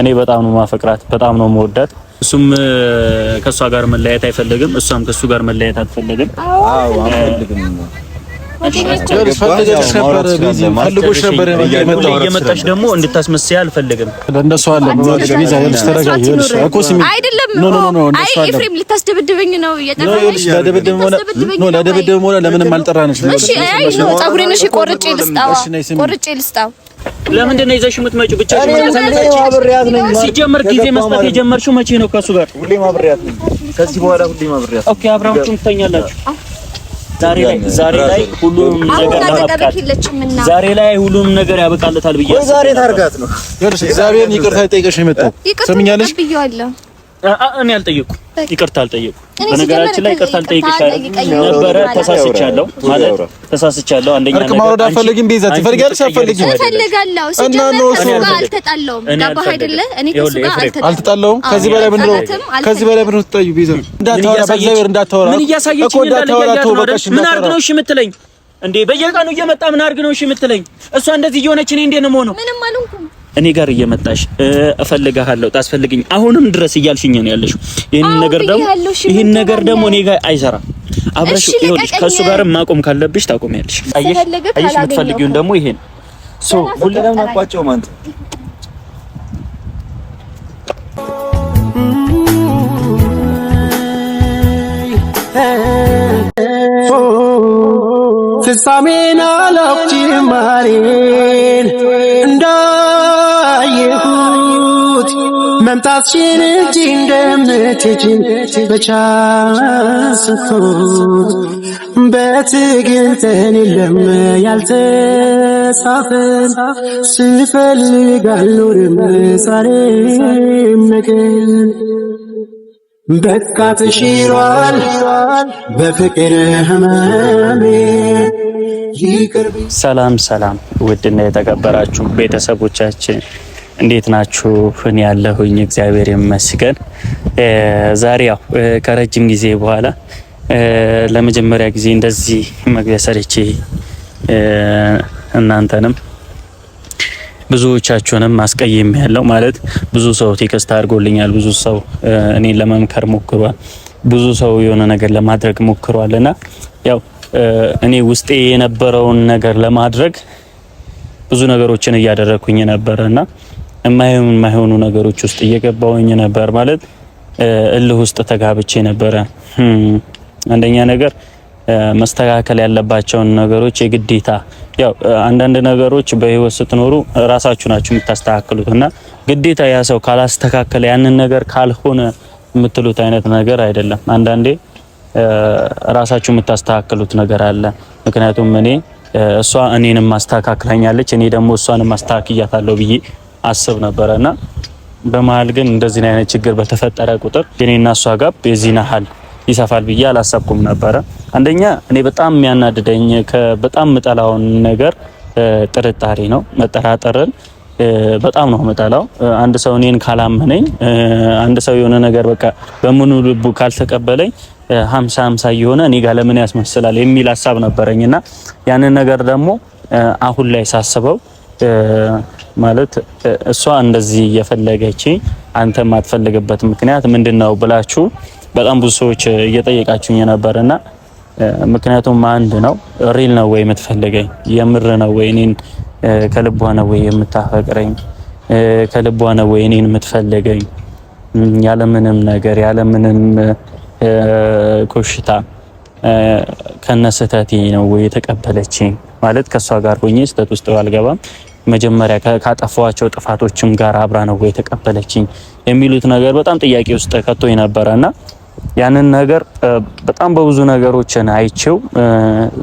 እኔ በጣም ነው ማፈቅራት፣ በጣም ነው መወዳት። እሱም ከእሷ ጋር መለያየት አይፈልግም፣ እሷም ከእሱ ጋር መለያየት አትፈልግም። አዎ እየመጣሽ ደግሞ አለ ነው። ለምንም ፀጉሬን። እሺ፣ ቆርጬ ልስጣው ለምንድን ነው ይዘሽ የምትመጪው? ብቻሽን ሲጀመር ጊዜ መስጠት የጀመርሽው መቼ ነው? ከሱ ጋር ሁሌም አብሬያት ነኝ። ከዚህ በኋላ ሁሌም አብሬያት። ኦኬ፣ አብራችሁም ትተኛላችሁ። ዛሬ ላይ ዛሬ ላይ ሁሉም ነገር ዛሬ ላይ ሁሉም ነገር ያበቃለታል ብዬ ዛሬ ታርጋት ነው። እግዚአብሔርን ይቅርታ ይጠይቀሽ የመጣው ሰምኛለሽ። እኔ አልጠየቁ ይቅርታ አልጠየኩም። በነገራችን ላይ ይቅርታ አልጠየቅሻለሁ ነበረ። ተሳስቻለሁ ማለት ተሳስቻለሁ። አንደኛ ነገር ማውረድ አልፈልግም። ቤዛ ትፈልጋለሽ አልፈልግም እፈልጋለሁ። አልተጣላሁም። አይደለ? እኔ ከዚህ በላይ ምን ነው ከዚህ በላይ ምንድን ነው ቤዛ እንዳታወራ፣ በእግዚአብሔር እንዳታወራ እኮ እንዳታወራ። ተው በቃሽ። ምን አድርግ ነው እሺ የምትለኝ እንዴ? በየቀኑ እየመጣ ምን አድርግ ነው እሺ የምትለኝ? እሷ እንደዚህ እየሆነች እኔ እንዴት ነው የምሆነው? ምንም አልሆንኩም እኔ ጋር እየመጣሽ እፈልጋለሁ፣ ታስፈልግኝ አሁንም ድረስ እያልሽኝ ነው ያለሽ። ይሄን ነገር ደግሞ ይሄን ነገር ደግሞ እኔ ጋር አይሰራም። አብረሽ ይኸውልሽ፣ ከሱ ጋር ማቆም ካለብሽ ታቆሚያለሽ። አየሽ፣ አየሽ፣ የምትፈልጊውን ደግሞ ይሄን ሶ ሁሌ ለምን አቋጨው ማንተ ፍጻሜን አላውቅ ጅማሬን እንዳየሁት መምጣትሽን እጅ እንደምትጅ በቻስፉት በትግልተን የለም ያልተጻፈን ስፈልግ አልኖርም ዛሬም ነገን በቃ ተሽሯል በፍቅር ህመሜ። ሰላም ሰላም፣ ውድና የተከበራችሁ ቤተሰቦቻችን እንዴት ናችሁ? ፍን ያለሁኝ እግዚአብሔር ይመስገን። ዛሬ ያው ከረጅም ጊዜ በኋላ ለመጀመሪያ ጊዜ እንደዚህ መግቢያ ሰርቼ እናንተንም ብዙዎቻችሁንም አስቀይም ያለው ማለት ብዙ ሰው ቴክስት አድርጎልኛል። ብዙ ሰው እኔ ለመምከር ሞክሯል። ብዙ ሰው የሆነ ነገር ለማድረግ ሞክሯል እና ያው እኔ ውስጤ የነበረውን ነገር ለማድረግ ብዙ ነገሮችን እያደረኩኝ ነበር እና የማይሆኑ የማይሆኑ ነገሮች ውስጥ እየገባውኝ ነበር ማለት እልህ ውስጥ ተጋብቼ ነበረ። አንደኛ ነገር መስተካከል ያለባቸውን ነገሮች የግዴታ ያው አንዳንድ ነገሮች በህይወት ስትኖሩ ራሳችሁ ናችሁ የምታስተካክሉት እና ግዴታ ያ ሰው ካላስተካከለ ያንን ነገር ካልሆነ የምትሉት አይነት ነገር አይደለም። አንዳንዴ ራሳችሁ የምታስተካክሉት ነገር አለ። ምክንያቱም እኔ እሷ እኔንም ማስተካክላኛለች እኔ ደግሞ እሷን ማስተካክያታለሁ ብዬ አስብ ነበረ እና በመሀል ግን እንደዚህ አይነት ችግር በተፈጠረ ቁጥር እኔና እሷ ጋር የዚህን ያህል ይሰፋል ብዬ አላሰብኩም ነበረ። አንደኛ እኔ በጣም የሚያናድደኝ በጣም የምጠላውን ነገር ጥርጣሬ ነው። መጠራጠርን በጣም ነው የምጠላው። አንድ ሰው እኔን ካላመነኝ፣ አንድ ሰው የሆነ ነገር በቃ በምኑ ልቡ ካልተቀበለኝ ሀምሳ ሀምሳ እየሆነ እኔ ጋር ለምን ያስመስላል የሚል ሀሳብ ነበረኝ እና ያንን ነገር ደግሞ አሁን ላይ ሳስበው ማለት እሷ እንደዚህ እየፈለገችኝ አንተ የማትፈልግበት ምክንያት ምንድን ነው ብላችሁ በጣም ብዙ ሰዎች እየጠየቃችሁኝ እና ምክንያቱም አንድ ነው። ሪል ነው ወይ የምትፈልገኝ? የምር ነው ወይ እኔን ከልቧ ነው ወይ የምታፈቅረኝ? ከልቧ ነው ወይ እኔን የምትፈልገኝ? ያለምንም ነገር ያለምንም ኮሽታ ከነስህተቴ ነው ወይ የተቀበለችኝ? ማለት ከእሷ ጋር ሆኜ ስህተት ውስጥ አልገባም መጀመሪያ ካጠፋዋቸው ጥፋቶችም ጋር አብራ ነው የተቀበለችኝ የሚሉት ነገር በጣም ጥያቄ ውስጥ ከቶ ነበረ እና ያንን ነገር በጣም በብዙ ነገሮችን አይቼው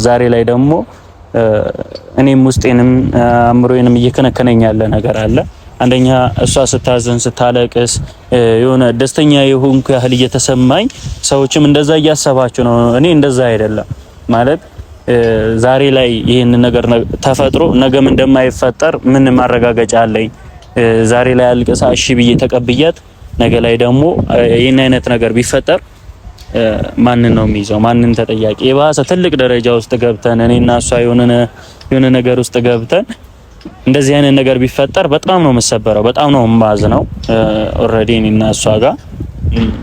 ዛሬ ላይ ደግሞ እኔም ውስጤንም አእምሮዬንም እየከነከነኝ ያለ ነገር አለ። አንደኛ እሷ ስታዘን ስታለቅስ የሆነ ደስተኛ የሆንኩ ያህል እየተሰማኝ ሰዎችም እንደዛ እያሰባችሁ ነው። እኔ እንደዛ አይደለም ማለት ዛሬ ላይ ይህን ነገር ተፈጥሮ ነገም እንደማይፈጠር ምን ማረጋገጫ አለኝ? ዛሬ ላይ አልቅሳ እሺ ብዬ ተቀብያት ነገ ላይ ደግሞ ይህን አይነት ነገር ቢፈጠር ማንን ነው የሚይዘው? ማንን ተጠያቂ? የባሰ ትልቅ ደረጃ ውስጥ ገብተን እኔና እሷ የሆነ ነገር ውስጥ ገብተን እንደዚህ አይነት ነገር ቢፈጠር በጣም ነው የምሰበረው፣ በጣም ነው የማዝነው። ኦልሬዲ እኔና እሷ ጋር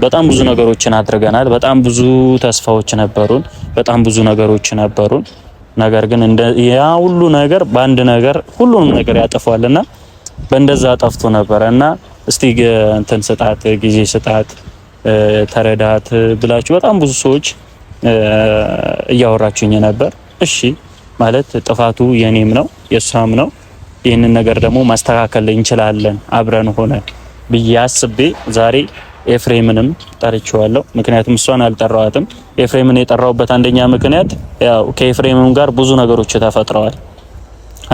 በጣም ብዙ ነገሮችን አድርገናል። በጣም ብዙ ተስፋዎች ነበሩን። በጣም ብዙ ነገሮች ነበሩን። ነገር ግን ያ ሁሉ ነገር በአንድ ነገር ሁሉንም ነገር ያጠፋልና በእንደዛ ጠፍቶ ነበረ እና እስቲ እንትን ስጣት፣ ጊዜ ስጣት፣ ተረዳት ብላችሁ በጣም ብዙ ሰዎች እያወራችሁኝ ነበር። እሺ ማለት ጥፋቱ የኔም ነው የእሷም ነው። ይህንን ነገር ደግሞ ማስተካከል እንችላለን አብረን ሆነ ብዬ አስቤ ዛሬ ኤፍሬምንም ጠርቼዋለሁ። ምክንያቱም እሷን አልጠራዋትም። ኤፍሬምን የጠራውበት አንደኛ ምክንያት ያው ከኤፍሬምም ጋር ብዙ ነገሮች ተፈጥረዋል።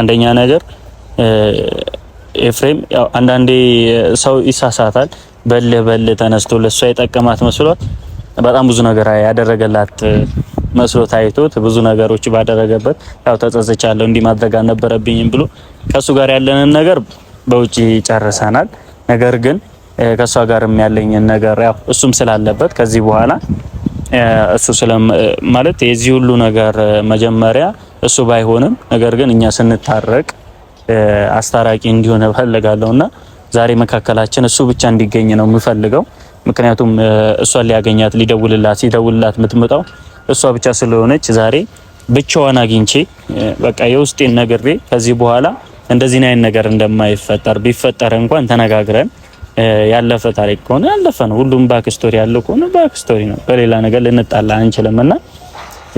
አንደኛ ነገር ኤፍሬም ያው አንዳንዴ ሰው ይሳሳታል። በልህ በልህ ተነስቶ ለእሷ የጠቀማት መስሏት በጣም ብዙ ነገር ያደረገላት መስሎ ታይቶት ብዙ ነገሮች ባደረገበት ያው ተጸጽቻለሁ፣ እንዲህ ማድረግ አልነበረብኝም ብሎ ከሱ ጋር ያለንን ነገር በውጪ ጨርሰናል። ነገር ግን ከእሷ ጋርም ያለኝን ነገር ያው እሱም ስላለበት ከዚህ በኋላ እሱ ማለት የዚህ ሁሉ ነገር መጀመሪያ እሱ ባይሆንም ነገር ግን እኛ ስንታረቅ አስታራቂ እንዲሆን እፈልጋለሁ እና ዛሬ መካከላችን እሱ ብቻ እንዲገኝ ነው የምፈልገው። ምክንያቱም እሷን ሊያገኛት ሊደውልላት ሲደውልላት የምትመጣው እሷ ብቻ ስለሆነች ዛሬ ብቻዋን አግኝቼ በቃ የውስጤን ነግሬ ከዚህ በኋላ እንደዚህ አይነት ነገር እንደማይፈጠር ቢፈጠር እንኳን ተነጋግረን ያለፈ ታሪክ ከሆነ ያለፈ ነው። ሁሉም ባክ ስቶሪ ያለው ከሆነ ባክ ስቶሪ ነው። በሌላ ነገር ልንጣላ አንችልም እና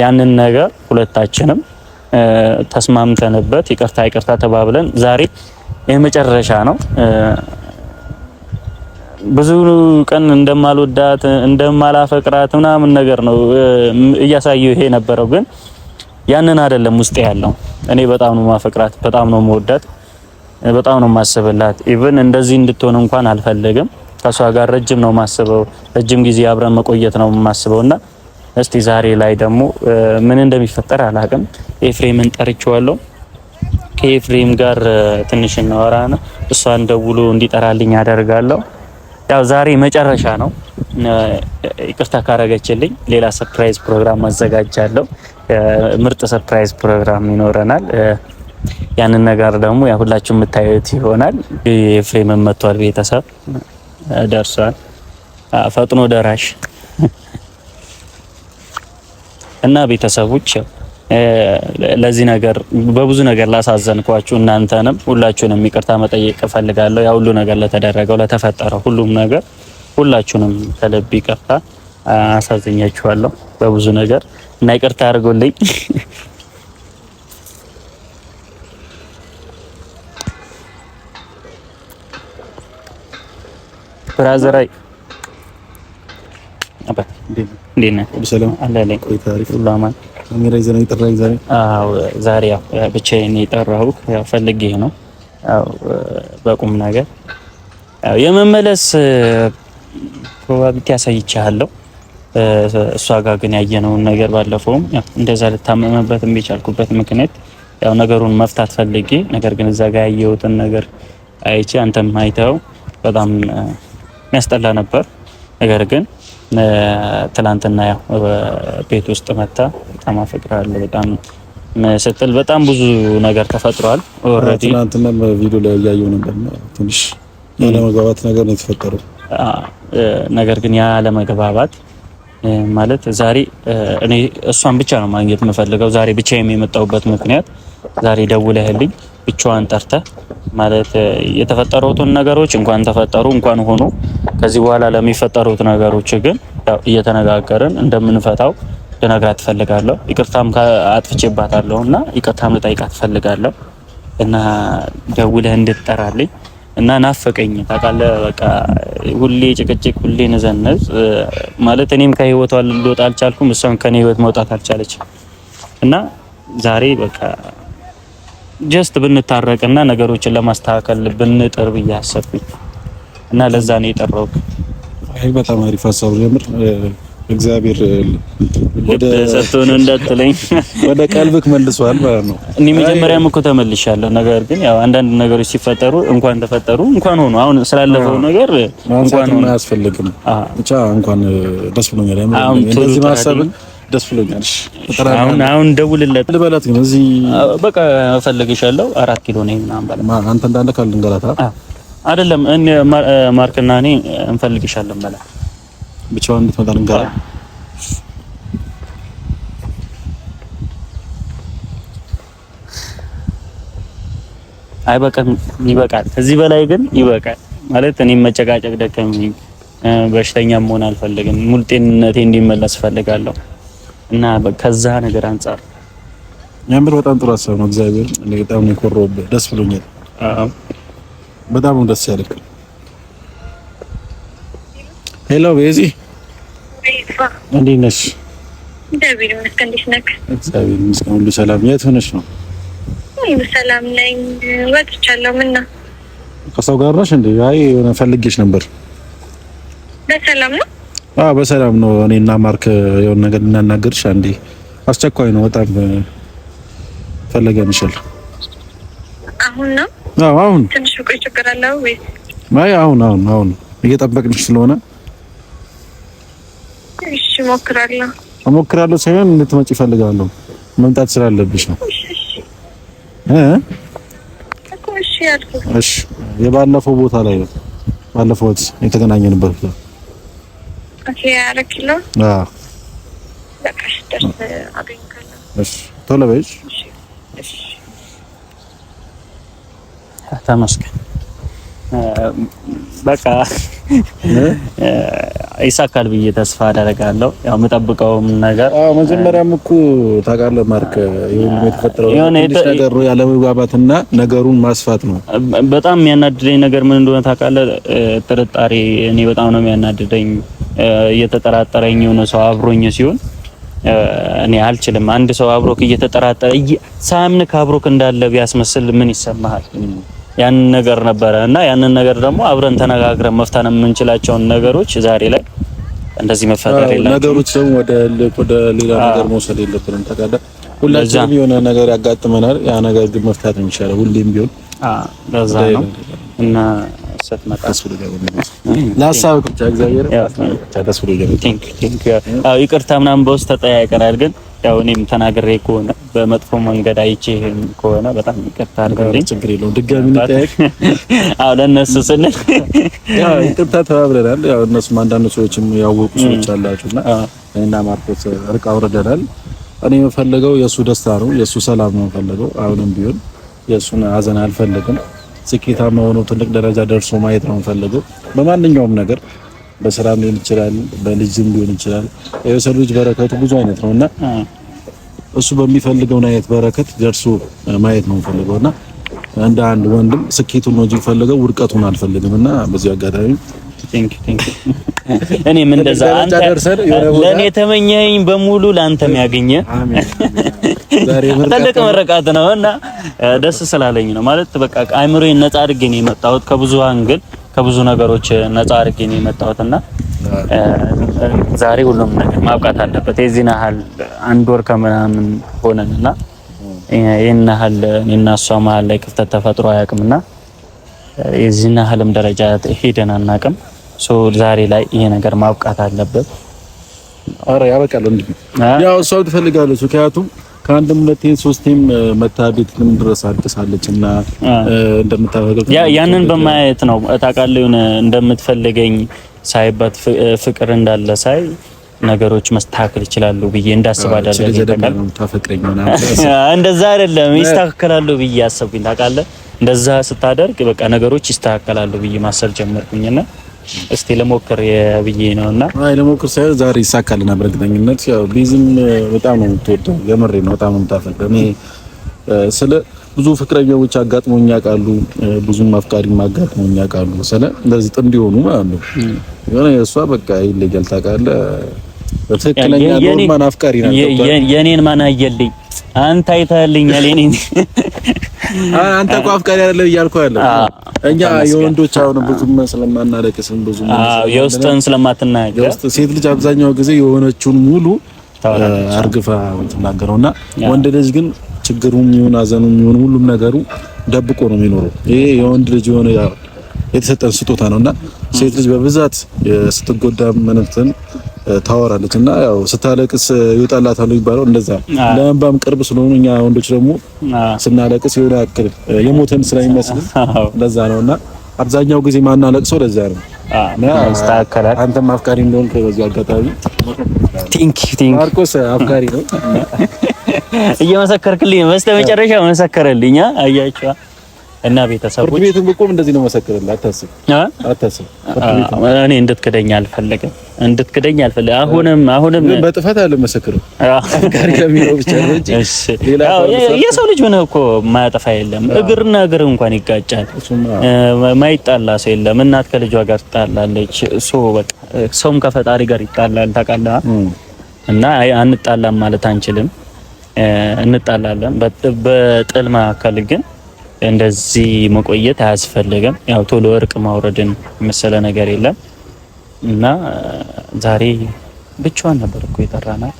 ያንን ነገር ሁለታችንም ተስማምተንበት ይቅርታ ይቅርታ ተባብለን ዛሬ የመጨረሻ ነው። ብዙ ቀን እንደማልወዳት እንደማላፈቅራት ምናምን ነገር ነው እያሳየው ይሄ ነበረው። ግን ያንን አይደለም ውስጥ ያለው እኔ በጣም ነው ማፈቅራት፣ በጣም ነው መወዳት በጣም ነው የማስብላት ኢቭን እንደዚህ እንድትሆን እንኳን አልፈልግም። ከሷ ጋር ረጅም ነው ማስበው፣ ረጅም ጊዜ አብረን መቆየት ነው ማስበው እና እስቲ ዛሬ ላይ ደግሞ ምን እንደሚፈጠር አላቅም። ኤፍሬምን ጠርቼዋለሁ። ከኤፍሬም ጋር ትንሽ እናወራና እሷን ደውሎ እንዲጠራልኝ አደርጋለሁ። ያው ዛሬ መጨረሻ ነው። ይቅርታ ካረገችልኝ ሌላ ሰርፕራይዝ ፕሮግራም አዘጋጃለሁ። ምርጥ ሰርፕራይዝ ፕሮግራም ይኖረናል። ያንን ነገር ደግሞ ያ ሁላችሁ የምታዩት ይሆናል። ኤፍሬም መጥቷል፣ ቤተሰብ ደርሷል። ፈጥኖ ደራሽ እና ቤተሰቦች ለዚህ ነገር በብዙ ነገር ላሳዘንኳችሁ እናንተንም ሁላችሁንም ይቅርታ መጠየቅ እፈልጋለሁ። ያ ሁሉ ነገር ለተደረገው ለተፈጠረው ሁሉም ነገር ሁላችሁንም ከልብ ይቅርታ አሳዘኛችኋለሁ በብዙ ነገር እና ይቅርታ አድርጉልኝ። ብራዘር አይ አባት ዛሬ ብቻዬን የጠራሁህ ያው ፈልጌ ነው። በቁም ነገር ያው የመመለስ ፕሮባቢሊቲ አሳይቻለሁ። እሷ ጋር ግን ያየነውን ነገር ባለፈውም ያው እንደዛ ልታመመበት የቻልኩበት ምክንያት ያው ነገሩን መፍታት ፈልጌ ነገር ግን እዛ ጋር ያየሁትን ነገር አይቼ አንተም አይተኸው በጣም የሚያስጠላ ነበር። ነገር ግን ትላንትና ያው ቤት ውስጥ መታ በጣም አፈቅራለሁ በጣም ስትል በጣም ብዙ ነገር ተፈጥሯል። ኦልሬዲ ትናንትና ቪዲዮ ላይ እያየሁ ነበር። ትንሽ ያለመግባባት ነገር ነው የተፈጠረው። ነገር ግን ያለመግባባት ማለት ዛሬ እኔ እሷን ብቻ ነው ማግኘት የምፈልገው። ዛሬ ብቻ የመጣሁበት ምክንያት ዛሬ ደውለህልኝ ብቻዋን ጠርተህ ማለት የተፈጠሩትን ነገሮች እንኳን ተፈጠሩ እንኳን ሆኖ ከዚህ በኋላ ለሚፈጠሩት ነገሮች ግን እየተነጋገርን እንደምንፈታው ልነግራት ትፈልጋለሁ። ይቅርታም አጥፍቼባታለሁ እና ይቅርታም ልጠይቃት ትፈልጋለሁ እና ደውለህ እንድትጠራልኝ እና ናፈቀኝ ታውቃለህ። በቃ ሁሌ ጭቅጭቅ፣ ሁሌ ንዘነዝ ማለት እኔም ከህይወቷ ልወጣ አልቻልኩም፣ እሷም ከኔ ህይወት መውጣት አልቻለችም። እና ዛሬ በቃ ጀስት ብንታረቅና ነገሮችን ለማስተካከል ብንጥር ብዬ አሰብኩኝ። እና ለዛ ነው የጠራውክ። አይ በጣም አሪፍ ሀሳብ ጀምር። እግዚአብሔር ወደ ሰጥቶን እንዳትለኝ ወደ ቀልብክ መልሷል ማለት ነው። እኔ መጀመሪያም እኮ ተመልሻለሁ። ነገር ግን ያው አንዳንድ ነገሮች ሲፈጠሩ እንኳን ተፈጠሩ እንኳን ሆኖ አሁን ስላለፈው ነገር እንኳን ሆኖ አያስፈልግም። ብቻ እንኳን ደስ ብሎኛል። አሁን እንደዚህ ማሰብ ደስ ብሎኛል። አሁን አሁን ደውልለት ልበላት ግን እዚህ በቃ እፈልግሻለሁ አራት ኪሎ ነኝ ምናምን ባለ አንተ እንዳለ አዎ አይደለም እኔ ማርክና እኔ እንፈልግሻለን በላ ብቻውን እንድትመጣ ልንገራ አይበቃም ይበቃል ከዚህ በላይ ግን ይበቃል ማለት እኔ መጨቃጨቅ ደከመኝ በሽተኛ መሆን አልፈልግም ሙሉ ጤንነቴ እንዲመለስ እፈልጋለሁ እና ከዛ ነገር አንጻር የምር በጣም ጥሩ ሀሳብ ነው እግዚአብሔር በጣም ነው የኮረውበት ደስ ብሎኛል በጣም ደስ ያለኝ። ሄሎ ቤዚ፣ እንዴት ነሽ? እግዚአብሔር ይመስገን። እንዴት ሁሉ ሰላም። የት ሆነሽ ነው? ሰላም በሰላም ነኝ። ወጥቻለሁ። ምን ነው ከሰው ጋር ነሽ እንዴ? አይ የሆነ ፈልጌሽ ነበር። በሰላም ነው? አዎ በሰላም ነው። እኔ እና ማርክ የሆነ ነገር እናናገርሽ አንዴ፣ አስቸኳይ ነው በጣም ፈለገንሻል። አሁን ነው አዎ አሁን ትንሽ ቆይ፣ ችግር አለ ወይ? አይ አሁን አሁን አሁን እየጠበቅንሽ ስለሆነ እሺ፣ እሞክራለሁ እሞክራለሁ ሳይሆን እንድትመጪ እፈልጋለሁ። መምጣት ስላለብሽ ነው እ እሺ ያልኩት እሺ፣ የባለፈው ቦታ ላይ ነው ባለፈው የተገናኘንበት ነው። ኦኬ፣ አረክሎ አዎ፣ በቃ ደርስ አገኝካለሁ። እሺ፣ ቶሎ በይ። እሺ፣ እሺ ተመስገን። በቃ ይሳካል ብዬ ተስፋ አደርጋለሁ። ያው የምጠብቀውም ነገር አዎ፣ መጀመሪያም እኮ ታውቃለህ ማርክ፣ ይሁን የተፈጠረው ነገር ያለ ነገሩን ማስፋት ነው። በጣም የሚያናድደኝ ነገር ምን እንደሆነ ታውቃለህ? ጥርጣሬ እኔ በጣም ነው የሚያናድደኝ። እየተጠራጠረኝ የሆነ ሰው አብሮኝ ሲሆን እኔ አልችልም። አንድ ሰው አብሮክ እየተጠራጠረ ሳያምንክ አብሮክ እንዳለ ቢያስመስል ምን ይሰማሃል? ያንን ነገር ነበረ እና ያንን ነገር ደግሞ አብረን ተነጋግረን መፍታን የምንችላቸውን ነገሮች ዛሬ ላይ እንደዚህ መፈጠር የለም። ነገሮች ደግሞ ወደ ወደ ሌላ ነገር መውሰድ የለብንም። ተቃለ ሁላችንም የሆነ ነገር ያጋጥመናል። ያ ነገር ግን መፍታት እንችላለን። ሁሌም ቢሆን ለዛ ነው እና ሰት መጣ ስትመጣ ይቅርታ ምናምን በውስጥ ተጠያይቀናል ግን ያው እኔም ተናግሬ ከሆነ በመጥፎ መንገድ አይቼ ከሆነ በጣም ይቅርታ አድርግልኝ። ችግር የለውም ድጋሚ ልጠየቅ። አዎ ለእነሱ ስንል ያው ይቅርታ ተባብለናል። ያው እነሱም አንዳንድ ሰዎችም ያወቁ ሰዎች አላችሁና እና ማርኮስ እርቅ አውርደናል። እኔ የምፈልገው የእሱ ደስታ ነው፣ የእሱ ሰላም ነው የምፈልገው። አሁንም ቢሆን የእሱን ሀዘን አልፈልግም። ስኬታማ ሆኖ ትልቅ ደረጃ ደርሶ ማየት ነው የምፈልገው በማንኛውም ነገር በስራም ሊሆን ይችላል፣ በልጅም ሊሆን ይችላል። የሰው ልጅ በረከቱ ብዙ አይነት ነውና እሱ በሚፈልገው አይነት በረከት ደርሶ ማየት ነው የምፈልገውና እንደ አንድ ወንድም ስኬቱን ነው እንጂ የምፈልገው ውድቀቱን አልፈልግም። እና በዚህ አጋጣሚ እኔም እንደዛ አንተ ለእኔ የተመኘኝ በሙሉ ለአንተም ያገኘ ትልቅ መረቃት ነው እና ደስ ስላለኝ ነው ማለት በቃ አይምሮዬን ነጻ አድርጌ ነው የመጣሁት ከብዙ አንግል ከብዙ ነገሮች ነጻ አድርጌ ነው የመጣሁት እና ዛሬ ሁሉም ነገር ማብቃት አለበት። የዚህን ያህል አንድ ወር ከምናምን ሆነን እና ይህን ያህል እኔና እሷ መሀል ላይ ክፍተት ተፈጥሮ አያውቅም እና የዚህን ያህልም ደረጃ ሄደን አናውቅም። ዛሬ ላይ ይሄ ነገር ማብቃት አለበት። አረ ያበቃል። ያው እሷ ትፈልጋለች። ምክንያቱም ከአንድም ሁለቴም ሶስቴም መታ ድረስ እና ያንን በማየት ነው ታውቃለህ። የሆነ እንደምትፈልገኝ ሳይባት ፍቅር እንዳለ ሳይ ነገሮች መስተካከል ይችላሉ ብዬ እንዳስብ እንደዛ አይደለም ይስተካከላሉ ብዬ አሰብኩኝ። ታውቃለህ፣ እንደዛ ስታደርግ በቃ ነገሮች ይስተካከላሉ ብዬ ማሰብ ጀመርኩኝና እስቲ ለሞክር ብዬ ነው እና አይ ለሞክር ሳይሆን ዛሬ ይሳካልና በእርግጠኝነት ያው ቢዝም በጣም ነው የምትወደው። የምሬ ነው፣ በጣም ነው የምታፈቅር። እኔ ስለ ብዙ ፍቅረኛዎች አጋጥሞኝ ያውቃሉ፣ ብዙም አፍቃሪም አጋጥሞኝ ያውቃሉ። ስለ እንደዚህ ጥንድ የሆኑ ማለት ነው የሆነ እሷ በቃ ይለያል። ታውቃለህ፣ በትክክለኛ ኖርማን አፍቃሪ ነው የኔን ማን አየልኝ? አንተ አይተህልኛል የኔን አንተ እኮ አፍቃሪ አይደለ እያልኩህ ያለው እኛ የወንዶች አሁን ብዙም ስለማናለቅስም ብዙም የውስጥን ስለማትናገር የውስጥ ሴት ልጅ አብዛኛው ጊዜ የሆነችውን ሙሉ አርግፋ ትናገረውና ወንድ ልጅ ግን ችግሩም ይሁን አዘኑም ይሁን ሁሉም ነገሩ ደብቆ ነው የሚኖረው። ይሄ የወንድ ልጅ የሆነ የተሰጠን ስጦታ ነውና ሴት ልጅ በብዛት ስትጎዳ ምንትን ታወራለች እና ያው ስታለቅስ ይውጣላታል የሚባለው እንደዛ ለእንባም ቅርብ ስለሆኑ እኛ ወንዶች ደግሞ ስናለቅስ የሆነ ያክል የሞተን ስለሚመስል ለዛ ነው እና አብዛኛው ጊዜ ማናለቅሰው ለዛ ነው። ይስተካከላል። አንተም አፍቃሪ እንደሆንክ በዚህ አጋጣሚ ቲንክ ቲንክ ማርቆስ አፍቃሪ ነው እየመሰከርክልኝ መጨረሻ መሰከረልኝ። አያችኋ እና ቤተሰቦች ፍርድ ቤትም እኮ እንደዚህ ነው መሰከረልህ። አታስብ አታስብ። እኔ እንድትክደኝ አልፈለግም፣ እንድትክደኝ አልፈለግም። አሁንም አሁንም በጥፋት አለ መሰከረው አፍቃሪ ለሚለው ብቻ ነው እንጂ እሺ። የሰው ልጅ ምን እኮ ማያጠፋ የለም። እግርና እግር እንኳን ይጋጫል፣ ማይጣላ ሰው የለም። እናት ከልጇ ጋር ትጣላለች። ሶ በቃ ሰውም ከፈጣሪ ጋር ይጣላል። ታውቃለህ። እና አንጣላም ማለት አንችልም፣ እንጣላለን በጥል መካከል ግን እንደዚህ መቆየት አያስፈልግም። ያው ቶሎ እርቅ ማውረድን መሰለ ነገር የለም እና ዛሬ ብቻዋን ነበር እኮ የጠራናት።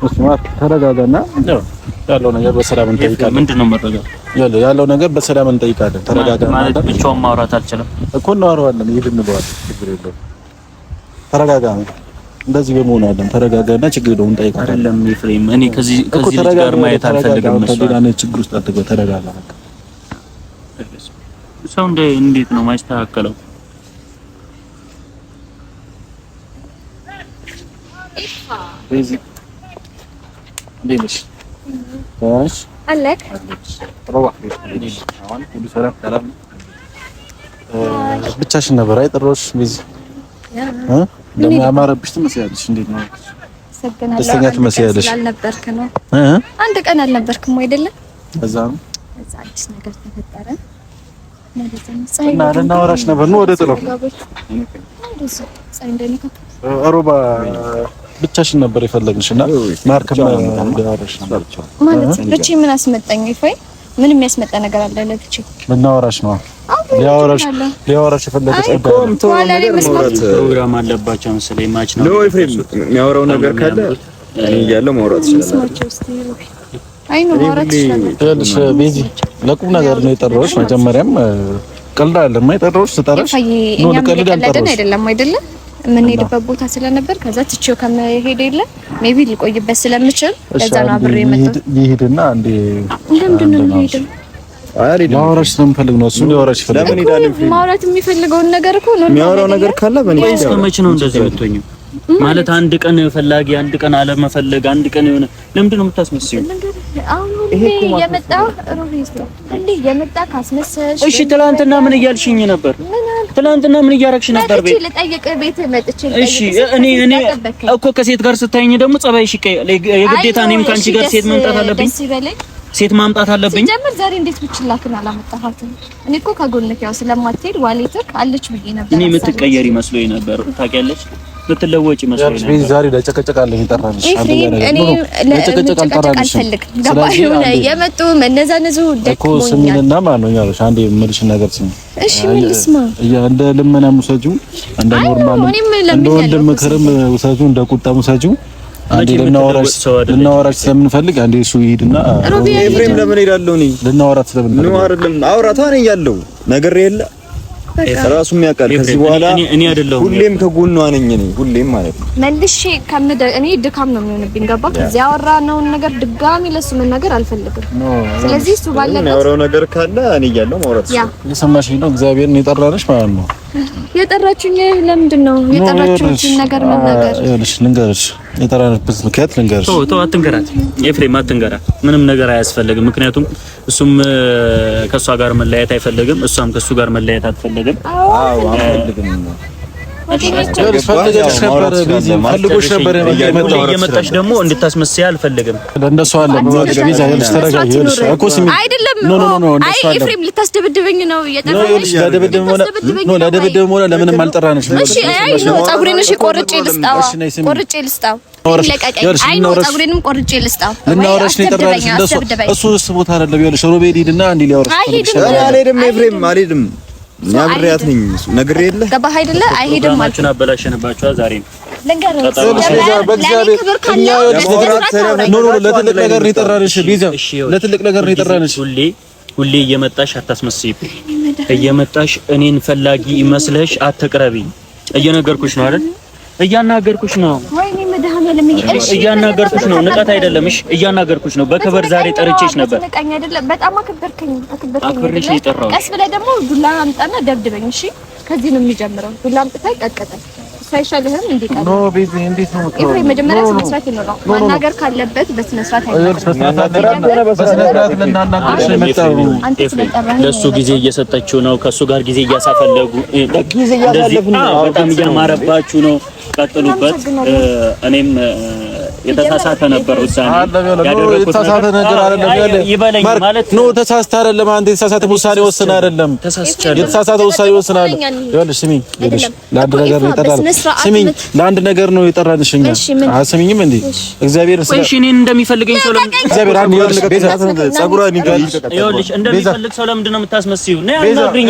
ያለው ነገር በሰላም እንጠይቃለን። ተረጋጋ ማለት ብቻውን ማውራት አልችልም እኮ እናወራዋለን። ይሄድ እንለዋለን። ችግር የለውም ተረጋጋ እንደዚህ በመሆን ያለን ተረጋጋና ችግር ነው እንጠይቃለን። አይደለም ኤፍሬም፣ እኔ ከዚህ ከዚህ ልጅ ጋር ማየት አልፈልግም። እሱ ተረጋጋ፣ ችግር ውስጥ አትገባ፣ ተረጋጋ። ሰው እንደ እንዴት ነው ማይስተካከለው? ብቻሽን ነበር አይጠሮሽ? ለምን አማረብሽ ትመስያለሽ? እንዴት ነው ደስተኛ ትመስያለሽ? አልነበርክ ነው አንድ ቀን አልነበርክም ወይ? አይደለም? እዛ ነው አዲስ ነገር ተፈጠረ። እና ልናወራሽ ነበር ነው ወደ ጥለው አሮባ ብቻሽን ነበር የፈለግንሽ እና ማርክ ማለት ብቻ ምን አስመጣኝ ይፈይ ምንም ያስመጣ ነገር አለ? ለብቻ ምናወራሽ ነው። ሊያወራሽ ሊያወራሽ የፈለገ ፕሮግራም አለባቸው መሰለኝ። ማች ነው ለወይፍሬም የሚያወራው ነገር ካለ እኔ እያለሁ ማውራት ይችላል። ቤዚ ለቁም ነገር ነው የጠራሁሽ። መጀመሪያም ቀልድ አይደለም የማይጠራሁሽ ስጠራሽ ነው ለቀልድ አይደለም አይደለም የምንሄድበት ቦታ ስለነበር ከዛ ትቼው ከመሄድ የለ ሜቢ ሊቆይበት ስለምችል ለዛ ነው አብሬ የመጣሁት። ይሄድና እንዴ ለምንድን ነው የሚሄደው? ማውራት ስለምፈልግ ነው። እሱ ሊያወራሽ ይፈልጋል። ማውራት የሚፈልገውን ነገር እኮ ነው። የሚያወራው ነገር ካለ በእኔ ነው። ነው እንደዚህ የምትሆኚው? ማለት አንድ ቀን ፈላጊ፣ አንድ ቀን አለመፈለግ፣ አንድ ቀን የሆነ ለምንድን ነው የምታስመስይው? የመጣ ካስመሰልሽ እሺ። ትላንትና ምን እያልሽኝ ነበር? ትላንትና ምን እያረግሽ ነበር? ቤት ልጠይቅ ቤት መጥቼ እሺ። እኔ እኔ እኮ ከሴት ጋር ስታይኝ ደግሞ ጸባይሽ ይቀያል። የግዴታ እኔም ከአንቺ ጋር ሴት መምጣት አለብኝ ሴት ማምጣት አለብኝ። ጀምር ዛሬ እንዴት ብችላክን አላመጣሃትም? እኔ እኮ ከጎንክ ያው ስለማትሄድ ዋሌትክ አለች ብዬ ነበር። እኔ የምትቀየሪ መስሎኝ ነበር ታውቂያለሽ። ምትለወጪ መስሎኝ ነበር። ዛሬ ለጨቀጨቃ አለኝ ለጨቀጨቃ የመጡ ስሚንና ያለሽ? አንዴ ነገር እሺ። እንደ ልመናም ውሰጂው፣ እንደ ኖርማል እንደ ወንድም ምክርም ውሰጂው፣ እንደ ቁጣ ውሰጂው። አንዴ ልናወራሽ ስለምንፈልግ አንዴ እሱ ይሄድና ኤፍሬም ለምን እሄዳለሁ? እኔ ልናወራት ስለምንፈልግ ነው። አይደለም አውራታ ነኝ ያለው ነገር የለ ራሱ ያውቃል። ከዚህ በኋላ እኔ አይደለሁም ሁሌም ከጎኗ ነኝ። እኔ ሁሌም ማለት ነው መልሼ ከምደ እኔ ድካም ነው የሚሆንብኝ። ገባ ከዚህ ያወራነውን ነገር ድጋሚ ለሱ መናገር አልፈልግም። ስለዚህ እሱ ባለበት ያወራው ነገር ካለ እኔ እያለሁ ማውራት የሰማሽኝ ነው። እግዚአብሔርን የጠራነሽ ማለት ነው የጠራችሁኝ። ለምንድን ነው የጠራችሁኝ ነገር መናገር ልንገርሽ የጠራንበት ምክንያት ልንገርሽ። ተው ተው፣ አትንገራት ኤፍሬም፣ አትንገራት። ምንም ነገር አያስፈልግም። ምክንያቱም እሱም ከእሷ ጋር መለያየት አይፈልግም፣ እሷም ከእሱ ጋር መለያየት አትፈልግም። አዎ አልፈልግም ፈልጎሽ ነበር እየመጣሽ ደግሞ እኛ ብሬያት ነኝ እሱ ነገር የለ ገባህ አይደለ? አይሄድም ማለት ነው። አበላሸንባችሁ ዛሬ ነው። ለትልቅ ነገር ነው የጠራንሽ። ሁሌ ሁሌ እየመጣሽ አታስመስይብኝ። እየመጣሽ እኔን ፈላጊ መስለሽ አትቅረቢ። እየነገርኩሽ ነው አይደል? እያናገርኩሽ ነው እያናገርኩሽ ነው። ንቀት አይደለም። እሺ እያናገርኩሽ ነው። በክብር ዛሬ ጠርቼሽ ነበር። ንቀኝ አይደለም። በጣም አከበርከኝ፣ አከበርከኝ። አክብሬሽ ነው ቀስ ብለህ ደግሞ ዱላ አምጣና ደብድበኝ። እሺ ከዚህ ነው የሚጀምረው። ዱላ አምጥተህ ቀጥቀጠኝ። ሳይሻልህም እንዴት ነው ነው ለሱ ጊዜ እየሰጠችው ነው። ከሱ ጋር ጊዜ እያሳፈለጉ ነው። በጣም እያማረባችሁ ነው ቀጥሉበት። እኔም የተሳሳተ ነበር ውሳኔ ያደረኩት። የተሳሳተ ነገር አይደለም ማለት ነው። ተሳስተ አይደለም። አንተ የተሳሳተ ውሳኔ ወስን አይደለም። የተሳሳተ ውሳኔ ወስን አይደለም። ይኸውልሽ ስሚኝ፣ ይኸውልሽ ለአንድ ነገር ነው የጠራን። ስሚኝ፣ ለአንድ ነገር ነው የጠራንሽ። እኛ አስሚኝም እንዴ እግዚአብሔር ስለ እሺ፣ እኔን እንደሚፈልገኝ ሰው ለምን እግዚአብሔር አንድ ይኸውልሽ፣ ቤዛ ነው ይጋል። ይኸውልሽ እንደሚፈልግ ሰው ለምንድን ነው የምታስመስዩ? ነይ አናግሪኝ።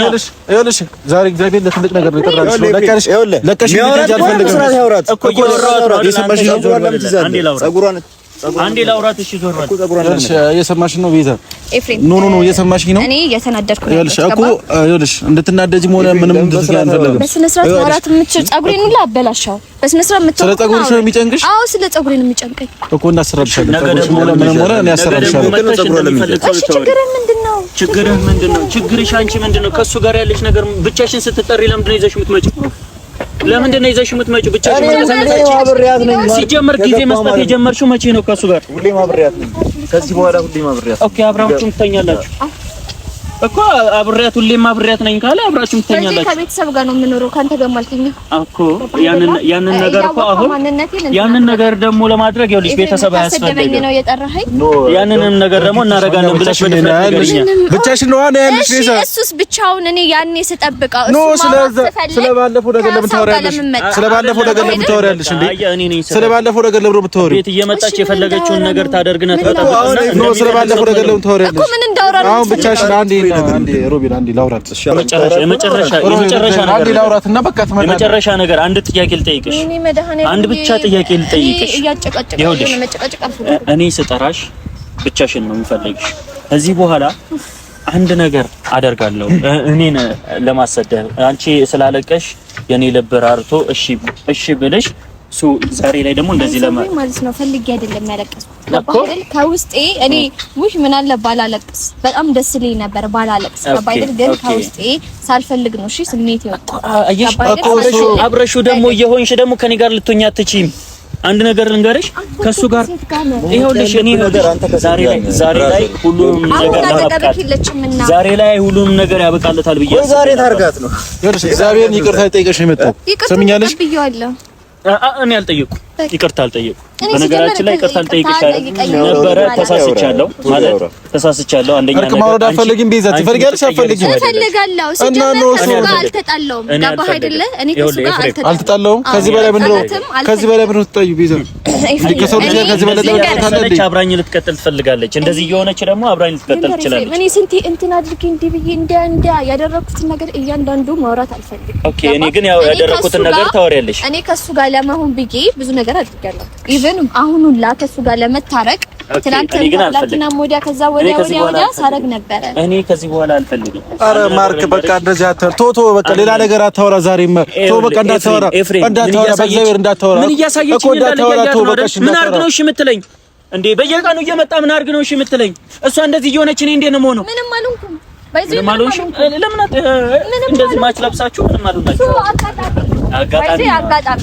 ይኸውልሽ ዛሬ እግዚአብሔር ለትልቅ ነገር ነው የጠራንሽ። ለቀሽ ለቀሽ ልጅ አልፈልግም እኮ ይወራው ነው ላውራት ጸጉሯን አንዴ ላውራት። እሺ ነው ቤዛ? ኖ ኖ ኖ፣ እየሰማሽኝ ነው። እኔ እየተናደድኩ ነው እኮ። ይኸውልሽ እንድትናደጂም ሆነ ምንም እንድትል አልፈልግም። በስነ ስርዓት ማውራት የምትችል ጸጉሬን ሁላ አበላሻው። በስነ ስርዓት የምትችል ስለ ጸጉርሽ ነው የሚጨንቅሽ? አዎ ስለ ጸጉሬ ነው የሚጨንቀኝ እኮ። እናሰራልሻለን። ጸጉርሽ ሆነ ምንም ሆነ እኔ አሰራልሻለሁ። እሺ ችግርህ ምንድን ነው? ችግርህ ምንድን ነው? ችግርሽ አንቺ ምንድን ነው? ከእሱ ጋር ያለሽ ነገር ብቻሽን ስትጠሪ ለምንድን ነው ይዘሽ የምትመጪው? ለምንድን ነው ይዘሽ የምትመጪው? ብቻሽን ሲጀመር ጊዜ መስጠት የጀመርሽው መቼ ነው? ከሱ ጋር ሁሌ ማብሪያት ነኝ። ከዚህ በኋላ ሁሌ ማብሪያት ኦኬ። አብራችሁ ትተኛላችሁ እኮ አብሬያት ሁሌም አብሬያት ነኝ ካለ አብራችሁ ትተኛላችሁ። ከቤተሰብ ጋር ነው የምኖረው። ካንተ ጋር ማልተኛ እኮ ያንን ያንን ነገር እኮ አሁን ያንን ነገር ደግሞ ለማድረግ ይኸውልሽ ቤተሰብ አያስፈልግም። ያንንም ነገር ደግሞ እናደርጋለን ብለሽ ብቻሽ ነው ያለሽ። እሱስ ብቻውን እኔ ያኔ ስጠብቀው እሱ ስለባለፈው ነገር ለምን ታወሪያለሽ? ስለባለፈው ነገር ለምን ታወሪያለሽ? እንዴ ስለባለፈው ነገር ለምን ብታወሪ ቤት እየመጣች የፈለገችውን ነገር ታደርግና ነው። ስለባለፈው ነገር ለምን ታወሪያለሽ? እኮ ምን እንዳወራ ነው አሁን ብቻሽን አንዴ የመጨረሻ ነገር አንድ ጥያቄ ልጠይቅሽ፣ አንድ ብቻ ጥያቄ ልጠይቅሽ። ይኸውልሽ እኔ ስጠራሽ ብቻሽን ነው የምፈልግሽ። እዚህ በኋላ አንድ ነገር አደርጋለሁ። እኔን ለማሰደብ አንቺ ስላለቀሽ የኔ ልብ ራርቶ እሺ እሺ ብለሽ ዛሬ ላይ ደግሞ እንደዚህ ለማለት ነው ፈልጌ አይደለም ያለቀስኩት ገባህ ከውስጤ እኔ ውሽ ምን አለ ባላለቅስ በጣም ደስ ይለኝ ነበር ባላለቅስ። ገባህ አይደል? ግን ከውስጤ ሳልፈልግ ነው እሺ ስሜት የወጣው። አየሽ አብረሹ ደግሞ እየሆንሽ ደግሞ ከኔ ጋር ልትሆኛ አትችይም። አንድ ነገር ልንገርሽ፣ ከሱ ጋር ይኸውልሽ፣ እኔ ዛሬ ላይ ዛሬ ላይ ሁሉም ነገር ለማብቃት ዛሬ ላይ ሁሉም ነገር ያበቃለታል ብዬ ዛሬ ታርጋት ነው። ይኸውልሽ፣ እግዚአብሔርን ይቅርታ ይጠይቀሽ ነው የመጣው። ሰምኛለሽ? እኔ አልጠየቁ ይቅርታ አልጠየቁ። በነገራችን ላይ ይቅርታ አልጠየቅሽ ነበረ። ተሳስቻለሁ ማለት ተሳስቻለሁ። አንደኛ ነገር እርቅ ማውረድ አልፈልግም። ቤዛ ትፈልጊያለሽ አልፈልግም እፈልጋለሁ። ሲጀመር ከእሱ ጋር አልተጣላሁም። ገባህ አይደለ? እኔ ከእሱ ጋር ከዚህ በላይ ምንድን ነው ከዚህ በላይ ምንድን ነው ትጠይው ቤዛ ከሰው ልጅ ከዚህ በለጠ ወጣታለች። አብራኝ ልትቀጥል ትፈልጋለች። እንደዚህ እየሆነች ደግሞ አብራኝ ልትቀጥል ትችላለች። እኔ ስንት እንትን አድርጌ እንዲህ ብዬ እንደ እንደ ያደረኩትን ነገር እያንዳንዱ ማውራት አልፈልግም። ኦኬ። እኔ ግን ያው ያደረኩትን ነገር ታወሪያለሽ። እኔ ከሱ ጋር ለመሆን ብዬ ብዙ ነገር አድርጌያለሁ። ኢቭን አሁኑን ከሱ ጋር ለመታረቅ ትናንት ላኪና ሞዲያ ከዛ ወዲያ ወዲያ ወዲያ ሳረግ ነበረ። እኔ ከዚህ በኋላ አልፈልግም። አረ ማርክ በቃ እንደዚህ አትር ቶ ቶ በቃ ሌላ ነገር አታወራ። ዛሬ ቶ በቃ እንዳታወራ እንዳታወራ፣ በእግዚአብሔር እንዳታወራ። ምን እያሳየች እንዳታወራ። ቶ ምን አርግ ነው እሺ የምትለኝ እንዴ? በየቀኑ እየመጣ ምን አርግ ነው እሺ የምትለኝ? እሷ እንደዚህ እየሆነች እኔ እንዴት ነው የምሆነው? ምንም አልሆንኩም። ለምን እንደዚህ ማች ለብሳችሁ ምንም አልሆናችሁም። አጋጣሚ አጋጣሚ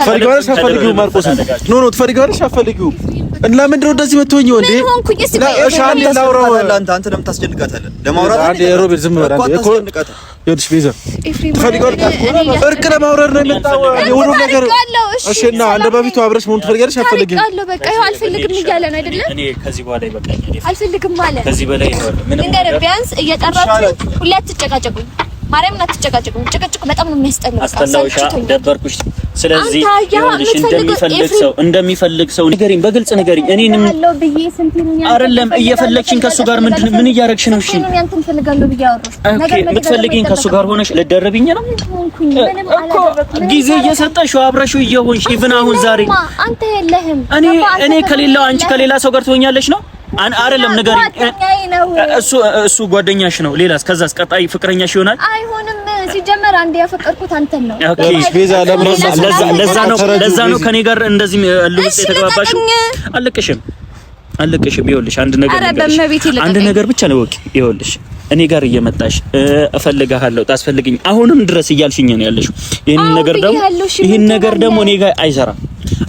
ትፈልጊዋለሽ አትፈልጊውም? ማርቆስ ኖ ኖ ትፈልጊዋለሽ አትፈልጊውም? ለምንድን ነው እንደዚህ ወንዴ አንተ ለማውራት እኮ እርቅ ለማውረድ ነው የመጣው የሆነ ነገር። እሺ፣ እና እንደ በፊቱ አብረሽ መሆን ትፈልጊያለሽ? በቃ አልፈልግም እያለ ነው አይደለ? እኔ ከዚህ በኋላ አልፈልግም ማለት ከዚህ በላይ ነው። ቢያንስ እየጠራችሁ ሁለት ትጨቃጨቁኝ ማርያም አትጨቃጨቅ። ጭቅጭቅ በጣም ነው የሚያስጠላው። አስጠላውሻ፣ ደበርኩሽ። ስለዚህ ይኸውልሽ እንደሚፈልግ ሰው እንደሚፈልግ ሰው ንገሪኝ፣ በግልጽ ንገሪኝ። እኔንም አይደለም እየፈለግሽኝ ከሱ ጋር ምንድን ምን እያረግሽ ነው? እሺ የምትፈልጊኝ ከሱ ጋር ሆነሽ ልደረብኝ ነው እኮ ጊዜ እየሰጠሽው አብረሽው እየሆንሽ ኢቭን አሁን ዛሬ አንተ የለህም። እኔ እኔ ከሌላው አንቺ ከሌላ ሰው ጋር ትሆኛለሽ ነው አይደለም ነገር እሱ እሱ ጓደኛሽ ነው። ሌላስ? ከዛስ? ቀጣይ ፍቅረኛሽ ይሆናል? አይሆንም። ሲጀመር አንዴ ያፈቀርኩት አንተን ነው። ኦኬ። ለዛ ነው ለዛ ነው ከኔ ጋር እንደዚህ ልውጥ የተገባባሽ። አልቅሽም አለቀሽም። ይኸውልሽ አንድ ነገር አንድ ነገር ብቻ ነው ወቂ። ይኸውልሽ እኔ ጋር እየመጣሽ እፈልጋለሁ፣ ታስፈልግኝ አሁንም ድረስ እያልሽኝ ነው ያለሽው። ይሄን ነገር ደግሞ ይሄን ነገር ደግሞ እኔ ጋር አይሰራም።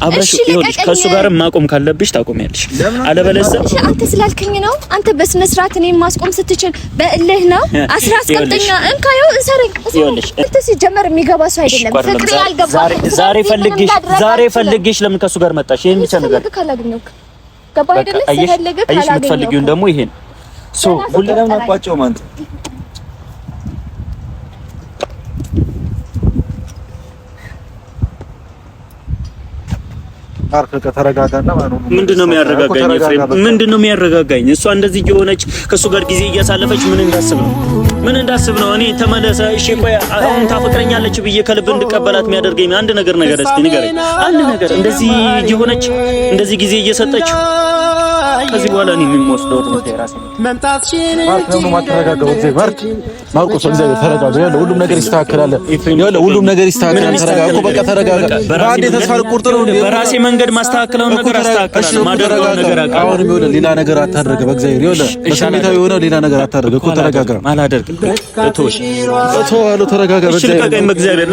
አብረሽ ይኸውልሽ ከሱ ጋርም ማቆም ካለብሽ ታቆሚያለሽ። አለበለዚያ አንተ ስላልከኝ ነው። አንተ በስነ ስርዓት እኔን ማስቆም ስትችል በእልህ ነው አስራ አስቀምጠኛ እንካየው እንሰረኝ። ይኸውልሽ እንትን ሲጀመር የሚገባ ሰው አይደለም። ፍቅር አልገባም። ዛሬ ፈልግሽ ዛሬ ፈልግሽ ለምን ከሱ ጋር መጣሽ? ይሄን ብቻ ነገር ካላገኘው ገባ ሲፈልግ የምትፈልጊውን ደግሞ ይሄን ሶ ለምን አቋጨው ማለት ምንድን ነው የሚያረጋጋኝ? ፍሬም ምንድን ነው የሚያረጋጋኝ? እሷ እንደዚህ እየሆነች ከእሱ ጋር ጊዜ እያሳለፈች ምን እንዳስብ ነው? ምን እንዳስብ ነው እኔ ተመለሰ። እሺ ቆይ አሁን ታፈቅረኛለች ብዬ ከልብ እንድቀበላት የሚያደርገኝ አንድ ነገር ነገር እስቲ ንገረኝ። አንድ ነገር እንደዚህ እየሆነች እንደዚህ ጊዜ እየሰጠችው ከዚህ በኋላ ነው የሚወስደው ራሴ መምጣት ሁሉም ነገር ይስተካከላል። ሁሉም ነገር ይስተካከላል። ተረጋጋ እኮ በቃ ተረጋጋ። በአንዴ ተስፋ ቁርጥ ነው። በራሴ መንገድ ማስተካከለውን ነገር አስተካክላለሁ። ማደረገው ነገር አሁን ይኸውልህ፣ ሌላ ነገር አታደርግ። በእግዚአብሔር ይኸውልህ፣ በስሜታዊ የሆነ ሌላ ነገር አታደርግ እኮ ተረጋጋ። አላደርግም። እቶሽ እቶ አለው። ተረጋጋ በእግዚአብሔር